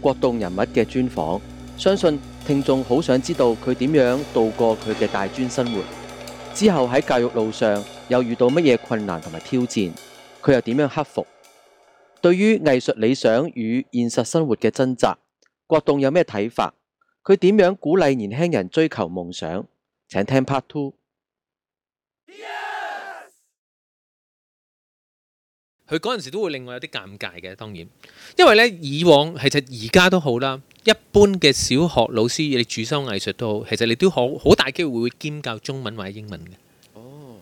國棟人物嘅專訪，相信聽眾好想知道佢點樣度過佢嘅大專生活，之後喺教育路上又遇到乜嘢困難同埋挑戰，佢又點樣克服？對於藝術理想與現實生活嘅掙扎，國棟有咩睇法？佢點樣鼓勵年輕人追求夢想？請聽 Part Two。佢嗰陣時都會令我有啲尷尬嘅，當然，因為咧以往其實而家都好啦，一般嘅小學老師你主修藝術都好，其實你都好好大機會會兼教中文或者英文嘅。哦，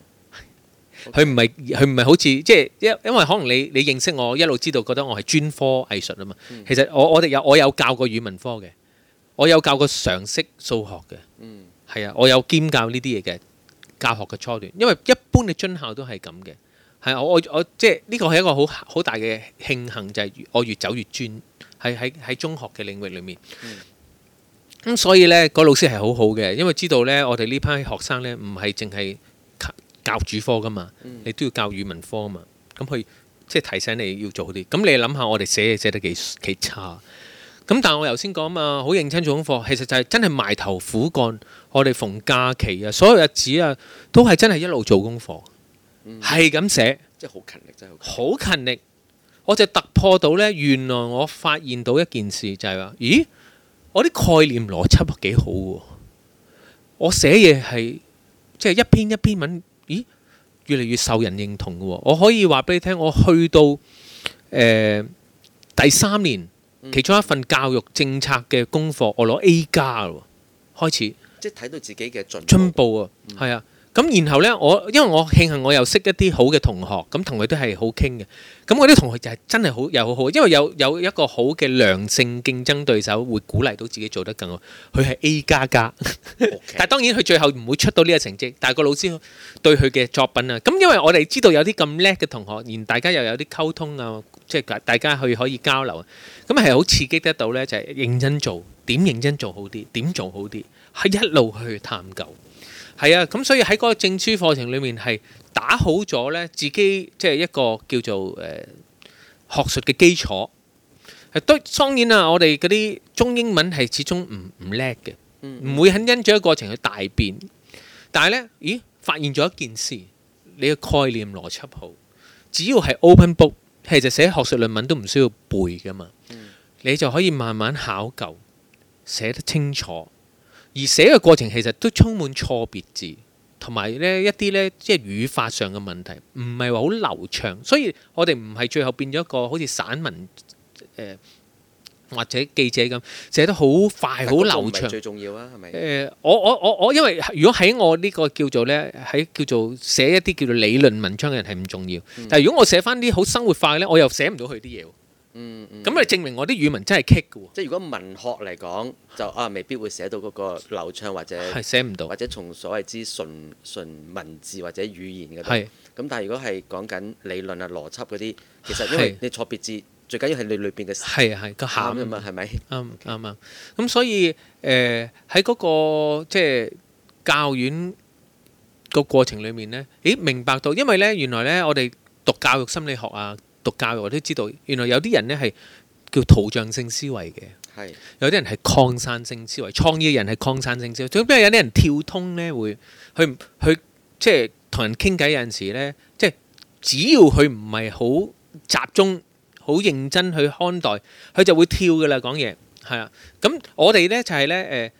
佢唔係佢唔係好似即係因因為可能你你認識我一路知道，覺得我係專科藝術啊嘛。嗯，其實我我哋有我有教過語文科嘅，我有教過常識數學嘅。嗯，係啊，我有兼教呢啲嘢，嘅教學嘅初段，因為一般嘅津校都係咁嘅。係我我即係呢個係一個好好大嘅慶幸，就係、是、我越走越專喺喺喺中學嘅領域裡面。咁、嗯、所以呢、那個老師係好好嘅，因為知道呢我哋呢批學生呢唔係淨係教主科噶嘛，嗯、你都要教語文科啊嘛。咁佢即係提醒你要做好啲。咁你諗下，我哋寫嘢寫得幾幾差。咁但係我頭先講啊嘛，好認真做功課，其實就係真係埋頭苦幹。我哋逢假期啊，所有日子啊，都係真係一路做功課。係咁、嗯、寫，即係好勤力，真係好勤,勤力。我就突破到呢，原來我發現到一件事，就係、係、話：咦，我啲概念邏輯幾好喎！我寫嘢係即係一篇一篇文，咦，越嚟越受人認同嘅喎。我可以話俾你聽，我去到誒、呃、第三年，其中一份教育政策嘅功課，我攞 A 加啦，開始。即係睇到自己嘅進步,進步、嗯、啊，係啊！咁然後呢，我因為我慶幸我又識一啲好嘅同學，咁同佢都係好傾嘅。咁我啲同學就係真係好又好好，因為有有一個好嘅良性競爭對手，會鼓勵到自己做得更好。佢係 A 加加，Okay. 但係當然佢最後唔會出到呢個成績。但係個老師對佢嘅作品啊，咁因為我哋知道有啲咁叻嘅同學，而大家又有啲溝通啊，即係大家去可以交流，咁係好刺激得到呢，就係認真做點認真做好啲，點做好啲，係一路去探究。係啊，咁所以喺嗰個證書課程裏面係打好咗呢自己即係一個叫做誒學術嘅基礎。係都當然啦，我哋嗰啲中英文係始終唔唔叻嘅，唔會喺因咗個過程去大變。但係呢，咦？發現咗一件事，你嘅概念邏輯好，只要係 open book，其實寫學術論文都唔需要背㗎嘛。你就可以慢慢考究，寫得清楚。而寫嘅過程其實都充滿錯別字，同埋咧一啲咧即係語法上嘅問題，唔係話好流暢，所以我哋唔係最後變咗一個好似散文誒、呃、或者記者咁寫得好快好流暢最重要啊，係咪？誒、呃，我我我我因為如果喺我呢個叫做咧喺叫做寫一啲叫做理論文章嘅人係唔重要，但係如果我寫返啲好生活化咧，我又寫唔到佢啲嘢喎。嗯，咁咪證明我啲語文真係棘嘅喎。即係如果文學嚟講就啊，未必會寫到嗰個流暢或者係寫唔到，或者從所謂之純純文字或者語言嘅，係咁。但係如果係講緊理論啊、邏輯嗰啲，其實因為你錯別字是 最緊要係你裏邊嘅係係個餡啊嘛，係咪的？啱啱啊，咁吧所以誒喺嗰個即係教院個過程裏面呢，咦，明白到，因為呢，原來呢，我哋讀教育心理學啊。讀教育，我都知道原來有啲人咧係叫圖像性思維嘅，係有啲人係擴散性思維，創意嘅人係擴散性思維。總之，邊有啲人跳通咧，會去，佢即係同人傾偈有陣時咧，即係只要佢唔係好集中、好認真去看待，佢就會跳㗎喇講嘢係啊。咁我哋咧就係咧，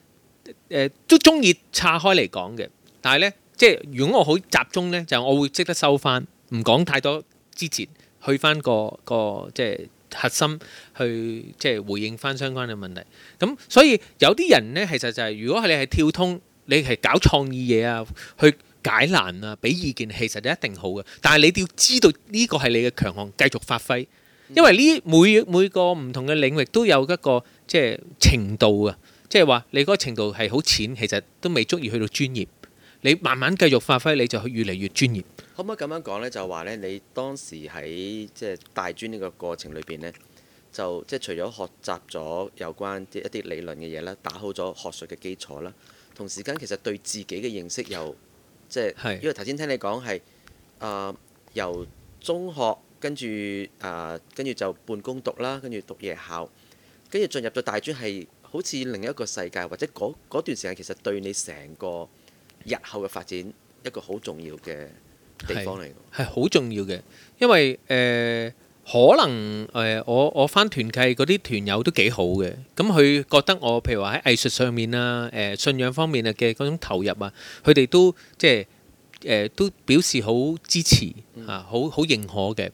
誒誒都鍾意岔開嚟講嘅，但係咧即係如果我好集中咧，就我會即刻收翻，唔講太多之前。去翻個個即係核心，去即係回應翻相關嘅問題。咁所以有啲人呢，其實就係如果係你係跳通，你係搞創意嘢啊，去解難啊，俾意見，其實都一定好嘅。但係你要知道呢個係你嘅強項，繼續發揮。因為呢每每個唔同嘅領域都有一個即係程度啊，即係話你嗰個程度係好淺，其實都未足以去到專業。你慢慢繼續發揮，你就越嚟越專業。可唔可以咁樣講呢？就話呢，你當時喺即係大專呢個過程裏邊呢，就即係除咗學習咗有關一啲理論嘅嘢啦，打好咗學術嘅基礎啦，同時間其實對自己嘅認識又即係、就是、是因為頭先聽你講係啊，由中學跟住啊、呃、跟住就半工讀啦，跟住讀夜校，跟住進入咗大專係好似另一個世界，或者嗰段時間其實對你成個日後嘅發展一個好重要嘅地方嚟，係好重要嘅，因為誒、呃、可能誒、呃、我我返團契嗰啲團友都幾好嘅，咁佢覺得我譬如話喺藝術上面啊、誒、呃、信仰方面啊嘅嗰種投入啊，佢哋都即係、就是呃、都表示好支持、嗯、啊，好好認可嘅。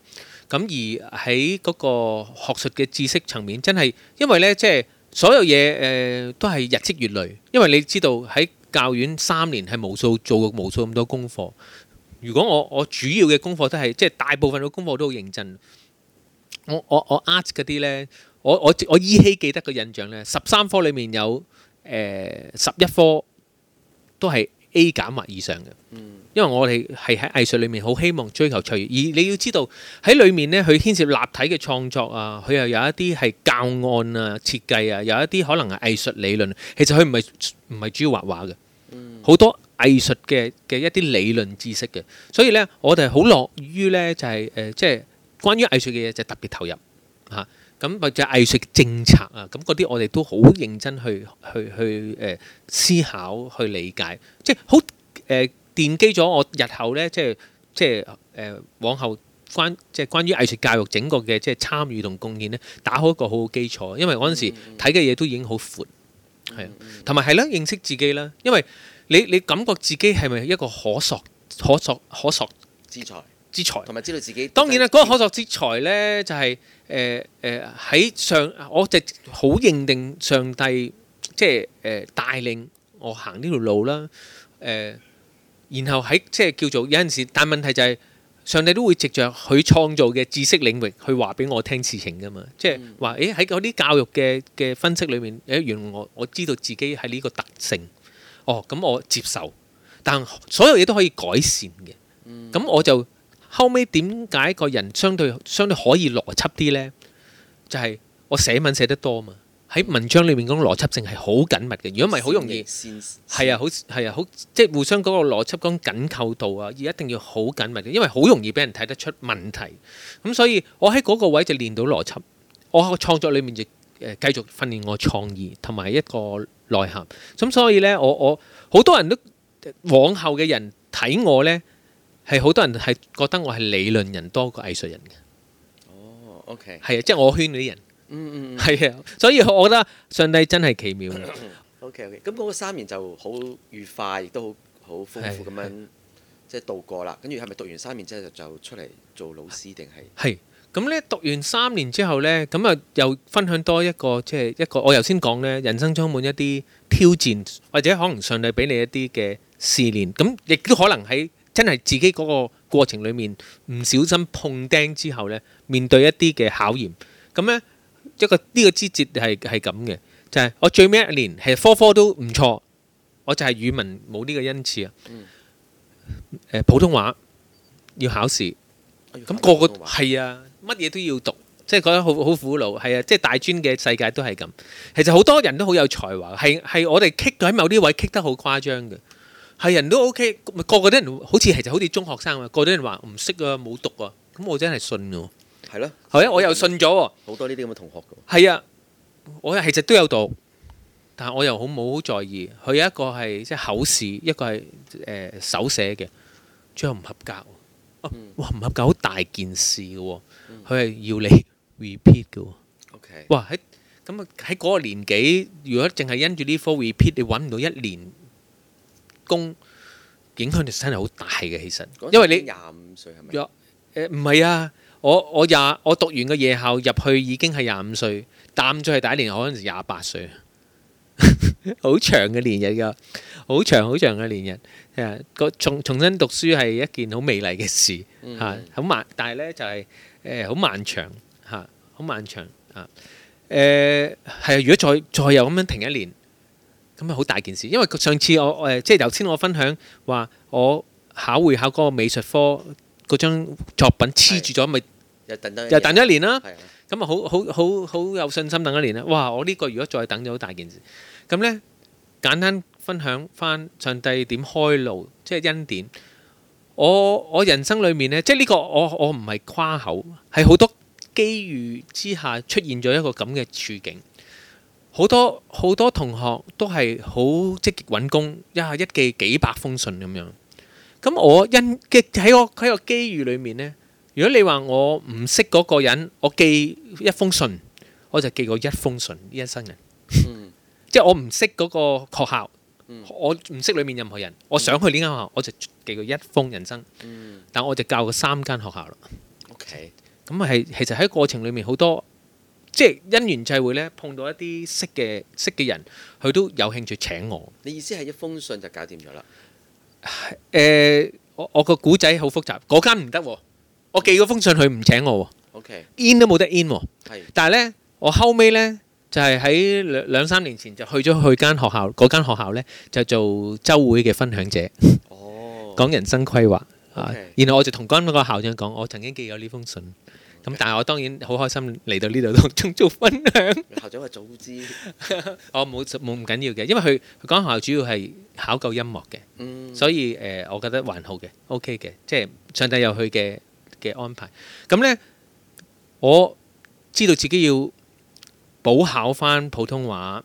咁而喺嗰個學術嘅知識層面，真係因為呢，即、就、係、是、所有嘢誒、呃、都係日積月累，因為你知道喺。教院三年係無數做過無數咁多功課。如果我我主要嘅功課都係，即係大部分嘅功課都好認真。我我我 art 嗰啲咧，我我我依稀記得個印象咧，十三科裏面有誒十一科都係 A 減或以上嘅。嗯，因為我哋係喺藝術裏面好希望追求卓越，而你要知道喺裏面咧，佢牽涉立體嘅創作啊，佢又有一啲係教案啊、設計啊，有一啲可能係藝術理論。其實佢唔係唔係主要畫畫嘅。好多藝術嘅嘅一啲理論知識嘅，所以咧我哋好樂於咧就係、是、誒、呃，即係關於藝術嘅嘢就特別投入嚇，咁、啊嗯、或者藝術政策啊，咁嗰啲我哋都好認真去去去誒、呃、思考去理解，即係好誒奠基咗我日後咧，即係即係誒往後關即係關於藝術教育整個嘅即係參與同貢獻咧，打好一個好好基礎，因為嗰陣時睇嘅嘢都已經好闊，係啊，同埋係啦，認識自己啦，因為。你你感覺自己係咪一個可塑可塑可塑之才之才，同埋知道自己裁當然啦，嗰、那個可塑之才呢，就係誒誒喺上，我就好認定上帝即係誒、呃、帶領我行呢條路啦、呃。然後喺即係叫做有陣時，但問題就係、是、上帝都會藉着佢創造嘅知識領域去話俾我聽事情噶嘛，即係話誒喺嗰啲教育嘅嘅分析裏面，誒原來我我知道自己係呢個特性。哦，咁我接受，但所有嘢都可以改善嘅。咁、嗯、我就後尾點解個人相對相對可以邏輯啲呢？就係、是、我寫文寫得多嘛，喺文章裏面嗰種邏輯性係好緊密嘅。如果唔係，好容易係啊，啊，啊，啊，好係啊，好即係、就是、互相嗰個邏輯緊扣度啊，而一定要好緊密嘅，因為好容易俾人睇得出問題。咁所以，我喺嗰個位就練到邏輯，我喺個創作裏面亦。誒，繼續訓練我創意同埋一個內涵，咁所以咧，我我好多人都往後嘅人睇我咧，係好多人係覺得我係理論人多過藝術人嘅。哦，OK，係啊，即係我圈嗰啲人，嗯嗯嗯，係啊，所以我覺得上帝真係奇妙。OK OK，咁嗰個三年就好愉快，亦都好好豐富咁樣即係度過啦。跟住係咪讀完三年之後就出嚟做老師定係？係。咁咧讀完三年之後咧，咁啊又分享多一個即係一個，我頭先講咧，人生充滿一啲挑戰，或者可能順利俾你一啲嘅試練，咁亦都可能喺真係自己嗰個過程裡面唔小心碰釘之後咧，面對一啲嘅考驗，咁咧一個呢個枝節係係咁嘅，就係我最尾一年係科科都唔錯，我就係語文冇呢個恩賜啊，誒普通話要考試，咁個個係啊。乜嘢都要讀，即係覺得好好苦惱，係啊！即係大專嘅世界都係咁、OK。其實好多人都好有才華，係係我哋 kick 喺某啲位 kick 得好誇張嘅，係人都 OK，咪個個啲人好似係就好似中學生個個啊，個啲人話唔識啊，冇讀啊，咁我真係信㗎，係咯、啊，係啊，我又信咗喎，好多呢啲咁嘅同學嘅，係啊，我其實都有讀，但係我又好冇好在意。佢有一個係即係口試，一個係誒手寫嘅，最後唔合格，啊嗯、哇，唔合格好大件事嘅喎。佢係要你 repeat 嘅喎，哦，Okay. 哇！喺咁啊，喺嗰個年紀，如果淨係因住呢科 repeat，你揾唔到一年工，影響力真係好大嘅。其實，因為你廿五歲係咪？誒唔係啊！我我廿我讀完嘅夜校入去已經係廿五歲，但咗去第一年我嗰陣時廿八歲，好 長嘅年日㗎，好長好長嘅年日。誒，個、啊、重重新讀書係一件好美麗嘅事嚇。咁、嗯啊、但係咧就係、是。誒好、呃、漫長嚇，好漫長啊！誒係啊，如果再再又咁樣停一年，咁啊好大件事，因為上次我誒、呃、即係頭先我分享話我考會考嗰個美術科嗰張作品黐住咗，咪又的等咗一年啦。咁啊好好好好，好有信心等一年啦！哇，我呢個如果再等咗好大件事。咁呢，簡單分享返上帝點開路，即係恩典。我我人生裏面呢，即係呢個我我唔係誇口，係好多機遇之下出現咗一個咁嘅處境。好多好多同學都係好積極揾工，一下一寄幾百封信咁樣。咁我因嘅喺個喺個機遇裏面呢，如果你話我唔識嗰個人，我寄一封信，我就寄過一封信呢一生人。 即係我唔識嗰個學校。我唔識裏面任何人，我想去呢間學校，我就寄佢一封人生。嗯，但我就教過三間學校啦。OK，咁係其實喺過程裏面好多，即係因緣際會呢，碰到一啲識嘅識嘅人，佢都有興趣請我。你意思係一封信就搞掂咗啦？誒，我我個古仔好複雜，嗰間唔得，我寄個封信佢唔請我。OK，in 都冇得 in。係，但係呢，我後尾呢。就係喺兩兩三年前就去咗去間學校，嗰間學校咧就做週會嘅分享者，講人生規劃啊。然後我就同嗰個校長講，我曾經寄咗呢封信。咁但係我當然好開心嚟到呢度都仲做分享。校長話早知，我冇冇唔緊要嘅，因為佢佢間學校主要係考究音樂嘅，所以誒，我覺得還好嘅，OK 嘅，即係上帝有佢嘅嘅安排。咁咧，我知道自己要。補考翻，普通話，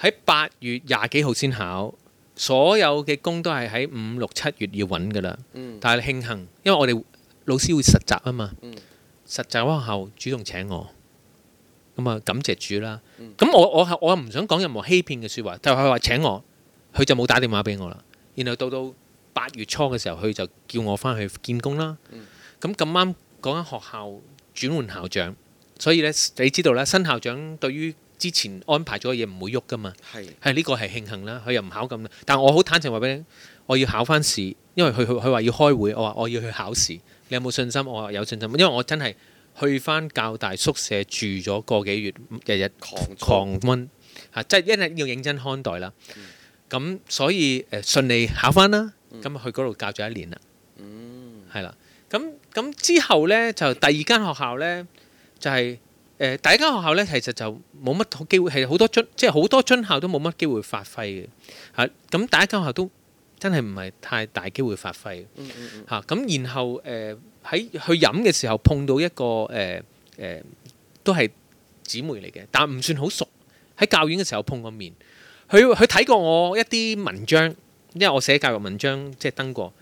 喺八月廿幾號先考，所有嘅工都係喺五六七月要搵噶啦。嗯、但係慶幸，因為我哋老師會實習啊嘛，嗯、實習學校主動請我，咁啊感謝主啦。咁、嗯、我我我又唔想講任何欺騙嘅說話，但係佢話請我，佢就冇打電話俾我啦。然後到到八月初嘅時候，佢就叫我翻去見工啦。咁咁啱嗰間學校轉換校長。所以咧，你知道啦，新校長對於之前安排咗嘅嘢唔會喐噶嘛？係係呢個係慶幸啦，佢又唔考咁啦。但係我好坦誠話俾你，我要考翻試，因為佢佢佢話要開會，我話我要去考試。你有冇信心？我話有信心，因為我真係去翻教大宿舍住咗個幾月，日日狂狂溫吓，即係一日要認真看待啦。咁、嗯、所以誒，順利考翻啦。咁、嗯、去嗰度教咗一年啦。嗯，係啦。咁咁之後呢，就第二間學校呢。就係、是、誒、呃，第一間學校咧，其實就冇乜好機會，係好多津，即係好多津校都冇乜機會發揮嘅嚇。咁第一間學校都真係唔係太大機會發揮嚇。咁、嗯嗯嗯啊、然後誒喺、呃、去飲嘅時候碰到一個誒誒、呃呃、都係姊妹嚟嘅，但係唔算好熟。喺教院嘅時候碰過面，佢佢睇過我一啲文章，因為我寫教育文章即係登過。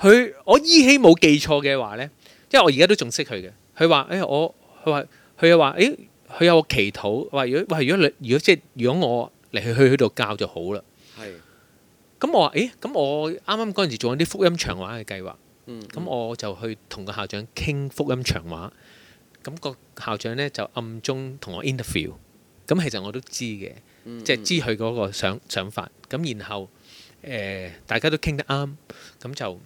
佢我依稀冇記錯嘅話咧，因為我而家都仲識佢嘅，佢話誒我。佢話：佢又話，誒，佢有個祈禱。話如果，話如果你，如果即係，如果我嚟去去去度教就好啦。係是的。咁我話：誒，咁我啱啱嗰陣時做緊啲福音長話嘅計劃。咁、嗯嗯、我就去同個校長傾福音長話。咁、那個校長咧就暗中同我 interview。咁其實我都知嘅，即係、嗯嗯、知佢嗰個想想法。咁然後，誒、呃，大家都傾得啱，咁就誒、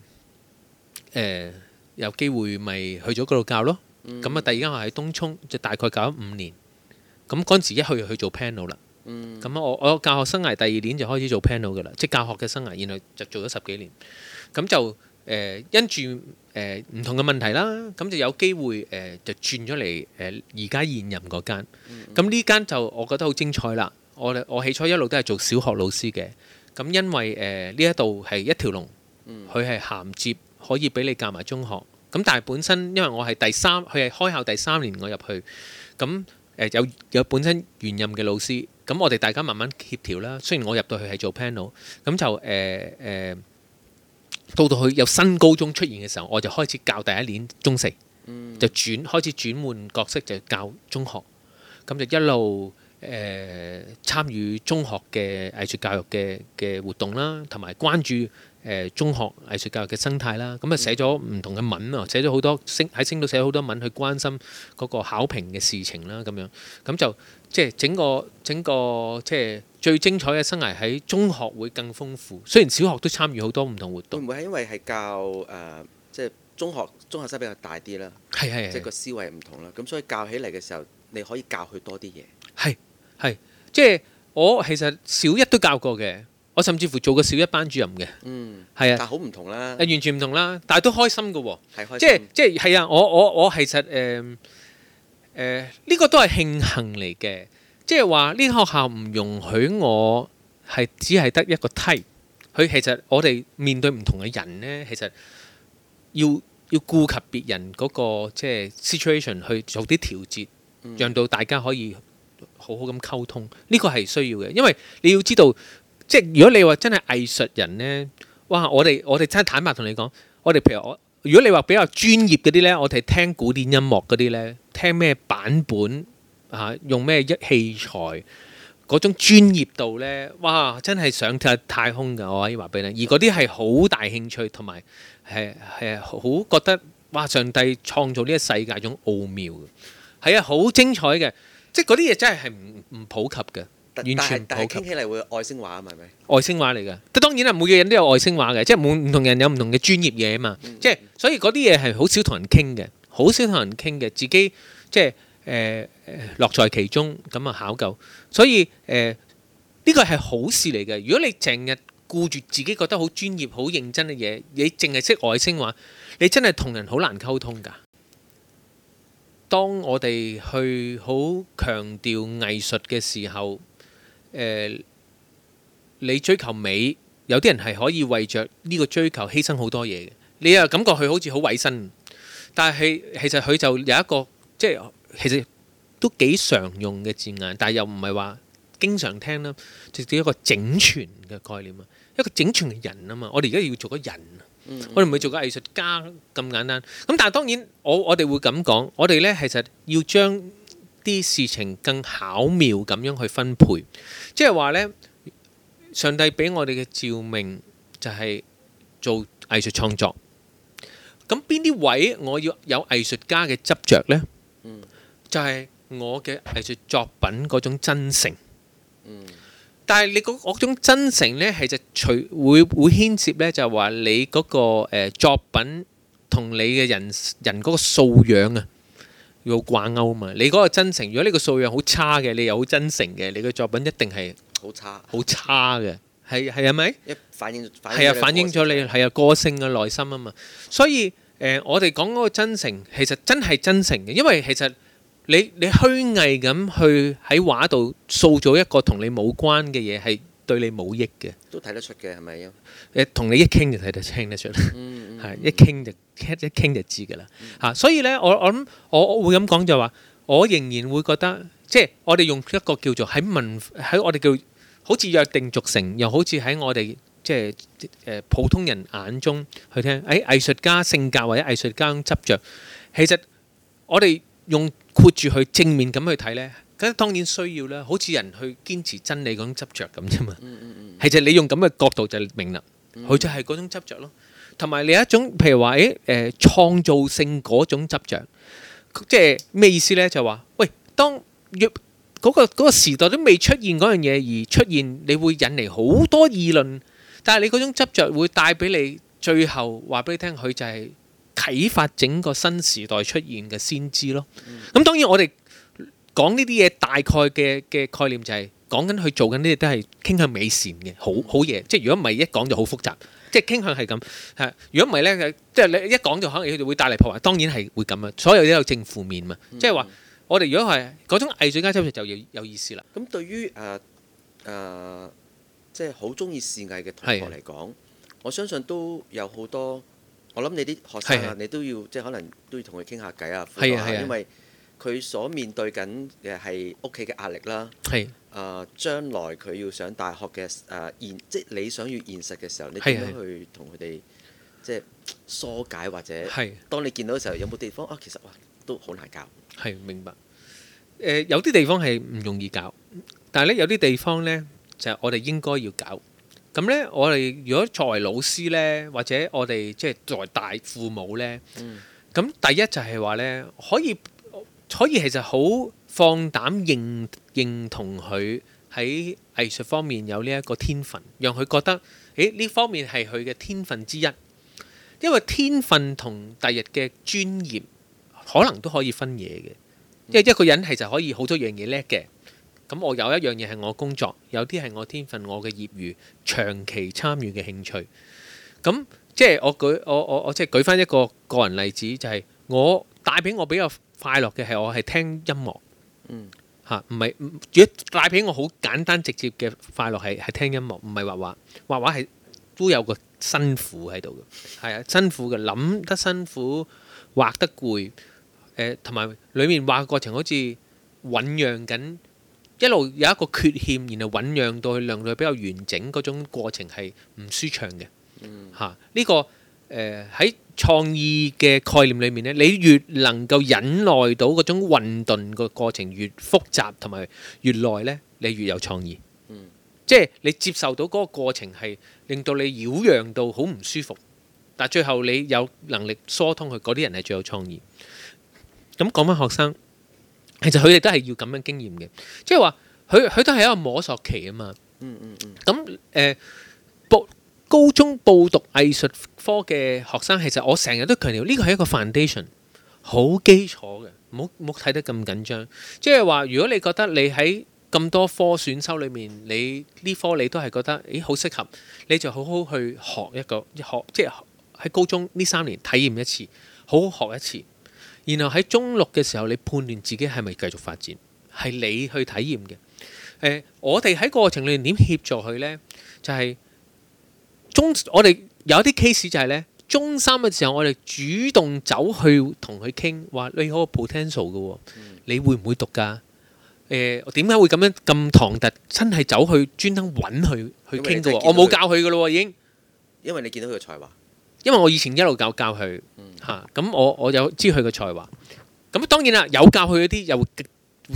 呃、有機會咪去咗嗰度教咯。咁啊，嗯、第二間我喺東涌，就大概教咗五年。咁嗰陣時一去就去做 Panel 啦。咁、嗯、我我教學生涯第二年就開始做 Panel 嘅啦，即係教學嘅生涯。然後就做咗十幾年。咁就誒、呃、因住誒唔同嘅問題啦，咁就有機會誒、呃、就轉咗嚟誒而家現任嗰間。咁呢、嗯、間就我覺得好精彩啦。我我起初一路都係做小學老師嘅。咁因為誒呢一度係一條龍，佢係銜接可以俾你教埋中學。咁但係本身，因為我係第三，佢係開校第三年我入去，咁誒有有本身原任嘅老師，咁我哋大家慢慢協調啦。雖然我入到去係做 panel，咁就誒誒、呃呃，到到去有新高中出現嘅時候，我就開始教第一年中四，嗯、就轉開始轉換角色就教中學，咁就一路。誒參與中學嘅藝術教育嘅嘅活動啦，同埋關注誒中學藝術教育嘅生態啦。咁啊寫咗唔同嘅文啊，寫咗好多星喺星島寫咗好多文去關心嗰個考評嘅事情啦。咁樣咁就即係整個整個即係最精彩嘅生涯喺中學會更豐富。雖然小學都參與好多唔同活動，會唔會係因為係教誒即係中學中學生比較大啲啦？係係係，即係個思維唔同啦。咁所以教起嚟嘅時候，你可以教佢多啲嘢。係。係，即係我其實小一都教過嘅，我甚至乎做過小一班主任嘅，嗯，係啊，但好唔同啦，完全唔同啦，但係都開心噶。哦，係開心，即係即係，係啊，我我我其實誒誒，呢，呃呃呢個都係慶幸嚟嘅，即係話呢間學校唔容許我係只係得一個 type，佢其實我哋面對唔同嘅人呢，其實要要顧及別人嗰，嗰個即係 situation 去做啲調節，嗯，讓到大家可以。好好咁溝通，呢個係需要嘅，因為你要知道，即係如果你話真係藝術人呢，哇！我哋我哋真係坦白同你講，我哋譬如我，如果你話比較專業嗰啲呢，我哋聽古典音樂嗰啲呢，聽咩版本啊，用咩一器材，嗰種專業度呢，哇！真係上得太空嘅，我可以話俾你，而嗰啲係好大興趣，同埋係係好覺得哇！上帝創造呢個世界種奧妙嘅，係啊，好精彩嘅。即係嗰啲嘢真係係唔唔普及嘅，但完全唔普及。聽起嚟會外星話啊，係咪？外星話嚟㗎。但當然啦，每個人都有外星話嘅，即係唔同人有唔同嘅專業嘢啊嘛。嗯、即係所以嗰啲嘢係好少同人傾嘅，好少同人傾嘅，自己即係誒誒樂在其中咁啊考究。所以誒呢、呃這個係好事嚟嘅。如果你成日顧住自己覺得好專業、好認真嘅嘢，你淨係識外星話，你真係同人好難溝通㗎。當我哋去好強調藝術嘅時候，誒、呃，你追求美，有啲人係可以為着呢個追求犧牲好多嘢嘅，你又感覺佢好似好委身，但係其實佢就有一個即係其實都幾常用嘅字眼，但係又唔係話經常聽啦。直接一個整全嘅概念啊，一個整全嘅人啊嘛，我哋而家要做個人。我哋唔會做個藝術家咁簡單，咁但係當然我我哋會咁講，我哋呢其實要將啲事情更巧妙咁樣去分配，即係話呢，上帝俾我哋嘅照明就係做藝術創作，咁邊啲位我要有藝術家嘅執着呢，就係我嘅藝術作品嗰種真誠。但係你嗰嗰種真誠咧，係就隨會會牽涉咧，就係話你嗰個誒作品同你嘅人人嗰個素養啊，要掛鈎啊嘛。你嗰個真誠，如果你個素養好差嘅，你又好真誠嘅，你嘅作品一定係好差好差嘅。係係係咪？反映係啊，反映咗你係啊，個性嘅內心啊嘛。所以誒，我哋講嗰個真誠，其實真係真誠嘅，因為其實。你你虛偽咁去喺畫度塑造一個同你冇關嘅嘢，係對你冇益嘅，都睇得出嘅，係咪？誒，同你一傾就睇得清得出啦，係一傾就一傾就知噶啦嚇。所以咧，我我諗我會咁講就係話，我仍然會覺得即係我哋用一個叫做喺文喺我哋叫好似約定俗成，又好似喺我哋即係誒普通人眼中去聽誒藝術家性格或者藝術家執著，其實我哋用。括住佢正面咁去睇咧，咁當然需要啦。好似人去堅持真理嗰種執著咁啫嘛。其實你用咁嘅角度就明啦。佢就係嗰種執著咯。同埋你有一種譬如話，誒誒創造性嗰種執著，即係咩意思咧？就話，喂，當若嗰個嗰個時代都未出現嗰樣嘢而出現，你會引嚟好多議論。但係你嗰種執著會帶俾你最後話俾你聽，佢就係，啟發整個新時代出現嘅先知咯。咁當然我哋講呢啲嘢大概嘅嘅概念就係講緊去做緊呢啲都係傾向美善嘅好好嘢。即係如果唔係一講就好複雜，即係傾向係咁。係如果唔係咧，即係你一講就可能佢就會帶嚟破壞。當然係會咁啊，所有都有正負面嘛。即係話我哋如果係嗰種藝術家創作就要有意思啦。咁對於誒誒即係好中意視藝嘅同學嚟講，我相信都有好多。我諗你啲學生啊，你都要即係可能都要同佢傾下偈啊，因為佢所面對緊嘅係屋企嘅壓力啦。係啊，將來佢要上大學嘅啊，現即係你想要現實嘅時候，你點樣去同佢哋即係疏解或者？係當你見到嘅時候，有冇地方啊？其實哇，都好難搞。係明白。誒，有啲地方係唔容易搞，但係咧有啲地方咧就係我哋應該要搞。咁咧，我哋如果作為老師咧，或者我哋即係作為大父母咧，咁、嗯、第一就係話咧，可以可以其實好放膽認認同佢喺藝術方面有呢一個天分，讓佢覺得誒呢、哎、方面係佢嘅天分之一。因為天分同第日嘅專業可能都可以分嘢嘅，嗯、因為一個人其實就可以好多樣嘢叻嘅。咁我有一樣嘢係我工作，有啲係我天分，我嘅業餘長期參與嘅興趣。咁即係我舉我我我即係舉返一個個人例子，就係我帶俾我比較快樂嘅係我係聽音樂，嗯嚇，唔係，如果帶俾我好簡單直接嘅快樂係係聽音樂，唔係畫畫，畫畫係都有個辛苦喺度嘅，係啊辛苦嘅，諗得辛苦，畫得攰，誒同埋裡面畫嘅過程好似醖釀緊。一路有一個缺陷，然後醞釀到去量度比較完整嗰種過程係唔舒暢嘅，嚇呢、嗯這個誒喺創意嘅概念裏面咧，你越能夠忍耐到嗰種混沌嘅過程越複雜同埋越耐咧，你越有創意。嗯、即係你接受到嗰個過程係令到你擾攘到好唔舒服，但最後你有能力疏通佢，嗰啲人係最有創意。咁講返學生。嗯其實佢哋都係要咁樣經驗嘅，即係話佢佢都係一個摸索期啊嘛。嗯嗯咁、嗯、誒、呃，報高中報讀藝術科嘅學生，其實我成日都強調，呢個係一個 foundation，好基礎嘅，唔好唔好睇得咁緊張。即係話，如果你覺得你喺咁多科選修裏面，你呢科你都係覺得，誒，好適合，你就好好去學一個學，即係喺高中呢三年體驗一次，好好學一次。然後喺中六嘅時候，你判斷自己係咪繼續發展，係你去體驗嘅。誒，我哋喺過程裏面點協助佢呢？就係中，我哋有啲 case 就係呢，中三嘅時候，我哋主動走去同佢傾，話你好有 potential 嘅喎，你會唔會讀噶？誒，點解會咁樣咁唐突？真係走去專登揾佢去傾嘅喎，我冇教佢嘅咯已經，因為你見到佢嘅才華。因為我以前一路教教佢嚇，咁、嗯啊、我我有知佢嘅才華，咁、啊、當然啦，有教佢嗰啲又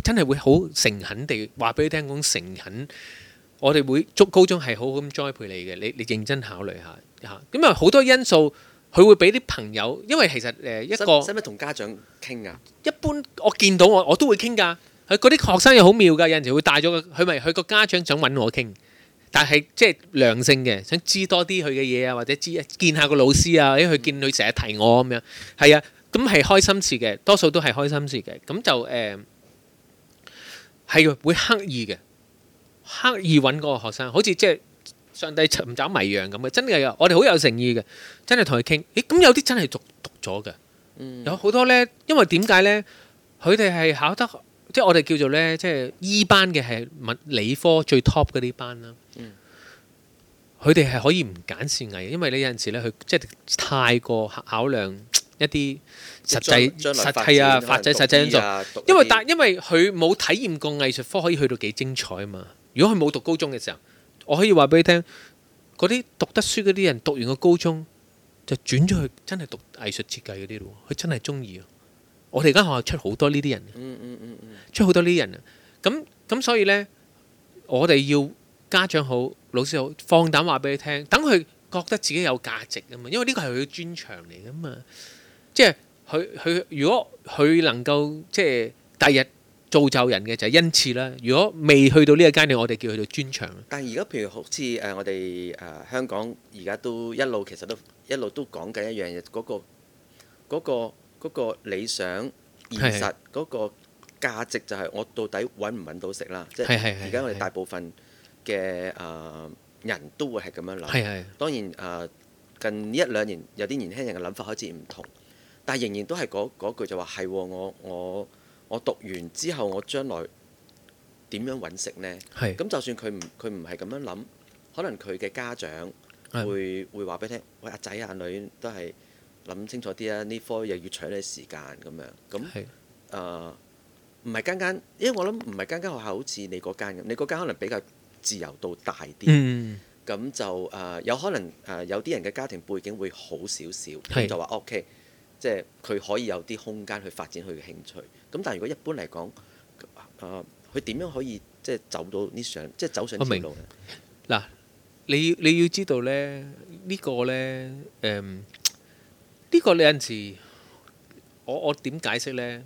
真係會好誠懇地話俾你聽。講誠懇，我哋會祝高中係好好咁栽培你嘅，你你認真考慮下嚇。咁啊好、啊、多因素，佢會俾啲朋友，因為其實誒一個使唔使同家長傾啊？一般我見到我我都會傾㗎，佢嗰啲學生又好妙㗎，有陣時會帶咗個，佢咪佢個家長想揾我傾。但係即係良性嘅，想知多啲佢嘅嘢啊，或者知見下個老師啊，因為佢見佢成日提我咁樣，係啊，咁係開心事嘅，多數都係開心事嘅。咁就誒係、呃、會刻意嘅，刻意揾嗰個學生，好似即係上帝尋找迷羊咁嘅，真係嘅。我哋好有誠意嘅，真係同佢傾。咦，咁有啲真係讀讀咗嘅，有好多呢。因為點解呢？佢哋係考得即係、即係、我哋叫做呢，即係醫班嘅係物理科最 top 嗰啲班啦。佢哋係可以唔揀視藝，因為你有陣時咧，佢即係太過考量一啲實際實係啊，實際實際因、啊、素。因為但因為佢冇體驗過藝術科可以去到幾精彩啊嘛！如果佢冇讀高中嘅時候，我可以話俾你聽，嗰啲讀得書嗰啲人讀完個高中就轉咗去，真係讀藝術設計嗰啲咯。佢真係中意。我哋而家學校出好多呢啲人，嗯嗯嗯嗯，出好多呢啲人。咁咁所以咧，我哋要家長好。老師好，放膽話俾你聽。等佢覺得自己有價值啊嘛，因為呢個係佢專長嚟噶嘛。即係佢佢如果佢能夠即係第日造就人嘅就係恩賜啦。如果未去到呢個階段，我哋叫佢做專長。但係而家譬如好似誒我哋誒香港而家都一路其實都一路都講緊一樣嘢，嗰個嗰個嗰個理想現實嗰是是 個價值就係我到底揾唔揾到食啦。即係係。而家我哋大部分。嘅誒人都會係咁樣諗，係當然誒近一兩年有啲年輕人嘅諗法開始唔同，但係仍然都係嗰句就話係我我我讀完之後，我將來點樣揾食呢？係咁，就算佢唔佢唔係咁樣諗，可能佢嘅家長會會話俾你聽，喂，阿仔阿女都係諗清楚啲啊，呢科又要取你時間咁樣咁，誒，唔係間間，因為我諗唔係間間學校好似你嗰間咁，你嗰間可能比較。自由度大啲，咁、嗯、就誒、uh, 有可能誒、uh, 有啲人嘅家庭背景會好少少，是就話 OK，即係佢可以有啲空間去發展佢嘅興趣。咁但係如果一般嚟講，佢、uh, 點樣可以即係走到呢上，即係走上呢條路嗱，你你要知道呢，呢、呢個呢誒呢、嗯呢個有陣時，我我點解釋呢？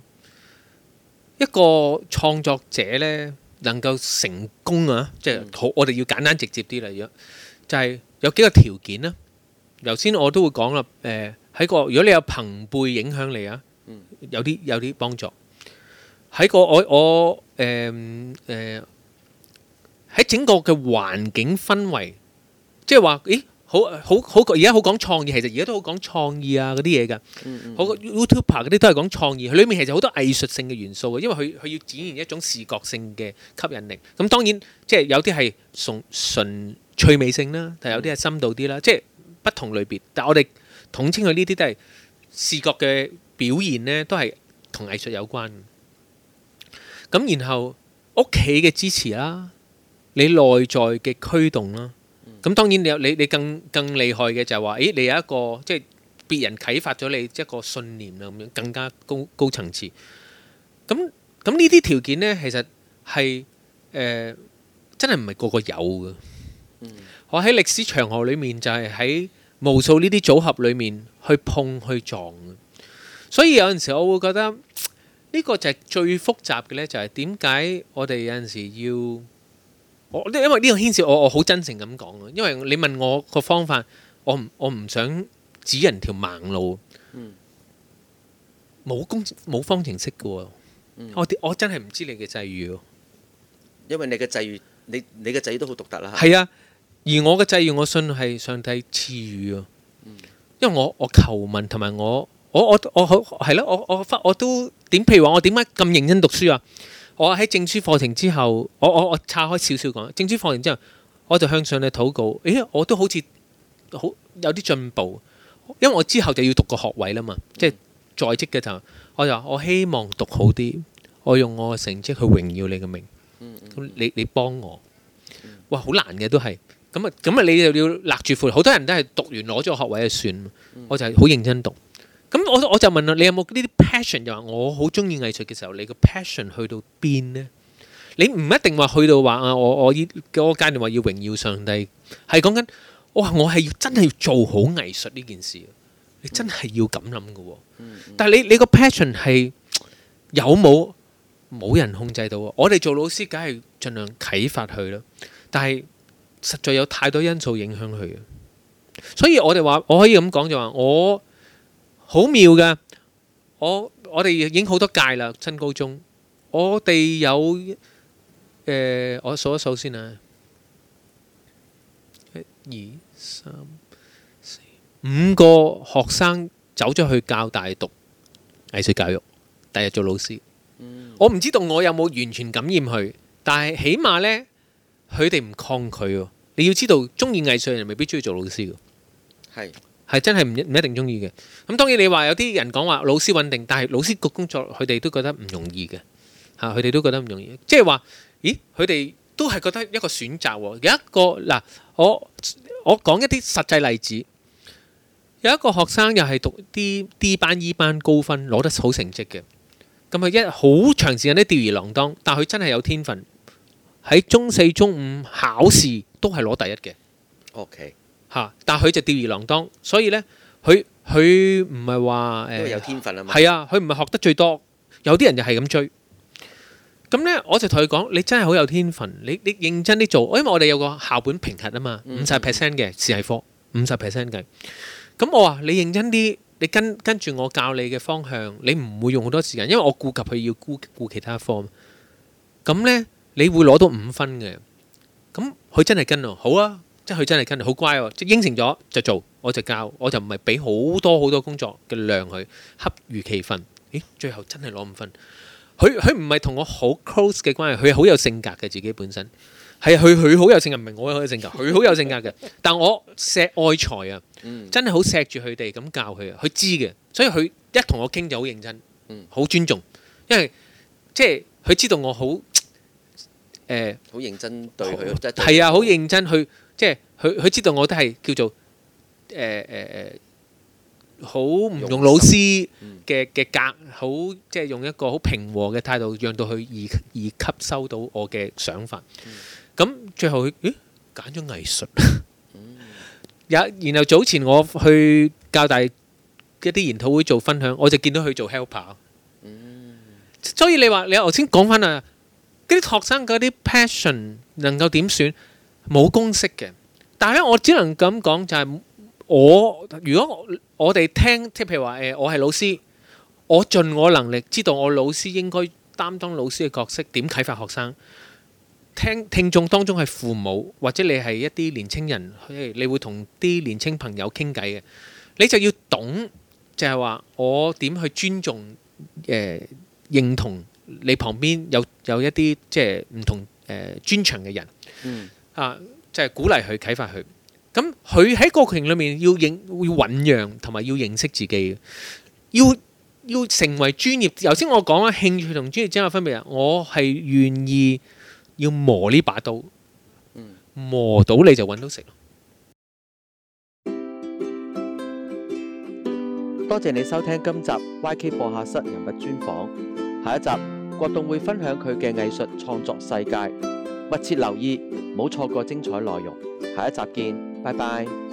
一個創作者呢。能夠成功啊！即係好，我哋要簡單直接啲嚟，如果就係有幾個條件啦。頭先我都會講啦。誒，喺個如果你有朋輩影響你啊，有啲有啲幫助。喺個我我誒誒喺整個嘅環境氛圍，即係話誒。咦好好好，而家好講創意，其實而家都好講創意啊嗰啲嘢㗎，嗯嗯嗯好 YouTuber 嗰啲都係講創意，佢裏面其實好多藝術性嘅元素嘅，因為佢佢要展現一種視覺性嘅吸引力。咁、嗯、當然即係有啲係純純趣味性啦，但有啲係深度啲啦，即係不同類別。但我哋統稱佢呢啲都係視覺嘅表現呢，都係同藝術有關嘅。咁然後屋企嘅支持啦，你內在嘅驅動啦。咁當然你有你你更更厲害嘅就係話，誒你有一個即係、就是、別人啟發咗你一個信念啦，咁樣更加高高層次。咁咁呢啲條件呢，其實係誒、呃、真係唔係個個有嘅。嗯、我喺歷史長河裏面，就係喺無數呢啲組合裏面去碰去撞。所以有陣時我會覺得呢、呢個就係最複雜嘅呢，就係點解我哋有陣時要？我因因為呢個牽涉我我好真誠咁講啊，因為你問我個方法，我唔我唔想指人條盲路。冇、嗯、公冇方程式嘅、嗯，我我真係唔知你嘅際遇。因為你嘅際遇，你你嘅際遇都好獨特啦。係啊，而我嘅際遇，我信係上帝賜予啊。嗯、因為我我求問同埋我我我我好係啦，我我我，我、啊、我，我，我，我都點譬如話我點解咁認真讀，讀書啊？我喺證書課程之後，我我我拆開少少講。證書課程之後，我就向上嚟禱告。咦，我都好似好有啲進步，因為我之後就要讀個學位啦嘛。即係在職嘅時候，我就我希望讀好啲，我用我嘅成績去榮耀你嘅名。嗯嗯、你你幫我，哇，好難嘅都係。咁啊咁啊，你就要勒住褲。好多人都係讀完攞咗學位就算，我就係好認真讀。咁我我就問啦，你有冇呢啲 passion？就話我好中意藝術嘅時候，你個 passion 去到邊呢？你唔一定話去到話啊！我我呢個階段話要榮耀上帝，係講緊哇！我係要真係要做好藝術呢件事，你真係要咁諗㗎喎。但係你你個 passion 係有冇冇人控制到？我哋做老師梗係盡量啟發佢啦。但係實在有太多因素影響佢嘅，所以我哋話我可以咁講就話我。好妙㗎！我我哋已經好多屆啦，新高中。我哋有誒，我數一數先啊，一、二、三、四、五個學生走咗去教大讀藝術教育，第日做老師。我唔知道我有冇完全感染佢，但係起碼呢，佢哋唔抗拒。你要知道，中意藝術人未必中意做老師㗎。係。係真係唔唔一定鍾意嘅。咁當然你話有啲人講話老師穩定，但係老師個工作佢哋都覺得唔容易嘅嚇，佢哋都覺得唔容易。即係話，咦？佢哋都係覺得一個選擇喎。有一個嗱，我我講一啲實際例子。有一個學生又係讀 D D 班 E 班高分攞得好成績嘅，咁佢一好長時間都吊兒郎當，但係佢真係有天分，喺中四中五考試都係攞第一嘅。OK。嚇！但係佢就吊兒郎當，所以咧，佢佢唔係話誒，因為有天分啊嘛。係啊，佢唔係學得最多，有啲人就係咁追。咁咧，我就同佢講：你真係好有天分，你你認真啲做，因為我哋有個校本評核啊嘛，五十 percent 嘅是係科，五十 percent 嘅。咁我話你認真啲，你跟跟住我教你嘅方向，你唔會用好多時間，因為我顧及佢要顧顧其他科。咁咧，你會攞到五分嘅。咁佢真係跟咯，好啊。即係佢真係跟好乖喎，即係應承咗就做，我就教，我就唔係俾好多好多工作嘅量佢，恰如其分。咦，最後真係攞五分。佢佢唔係同我好 close 嘅關係，佢好有性格嘅自己本身，係佢佢好有性格，唔係我好有性格，佢好有性格嘅。但係我錫愛才啊，真係好錫住佢哋咁教佢啊，佢知嘅，所以佢一同我傾就好認真，好尊重，因為即係佢知道我好誒，好認真對佢，係啊，好認真去。即係佢佢知道我都係叫做誒誒誒好唔用老師嘅嘅格，好即係用一個好平和嘅態度，讓到佢而而吸收到我嘅想法。咁最後佢咦揀咗藝術。有然後早前我去教大一啲研討會做分享，我就見到佢做 helper。所以你話你頭先講返啊，啲學生嗰啲 passion 能夠點算？冇公式嘅，但係咧，我只能咁講就係我。如果我我哋聽，即係譬如話誒，我係老師，我盡我能力知道我老師應該擔當老師嘅角色，點啟發學生。聽聽眾當中係父母，或者你係一啲年輕人，你會同啲年輕朋友傾偈嘅，你就要懂，就係話我點去尊重誒認同你旁邊有有一啲即係唔同誒專長嘅人。嗯。啊！就係、是、鼓勵佢、啟發佢。咁佢喺過程裏面要認、要醞釀同埋要認識自己。要要成為專業。頭先我講啊，興趣同專業之間有分別啊！我係願意要磨呢把刀，磨到你就揾到食。嗯、多謝你收聽今集 YK 播客室人物專訪。下一集郭動會分享佢嘅藝術創作世界。密切留意，唔好錯過精彩內容。下一集見，拜拜。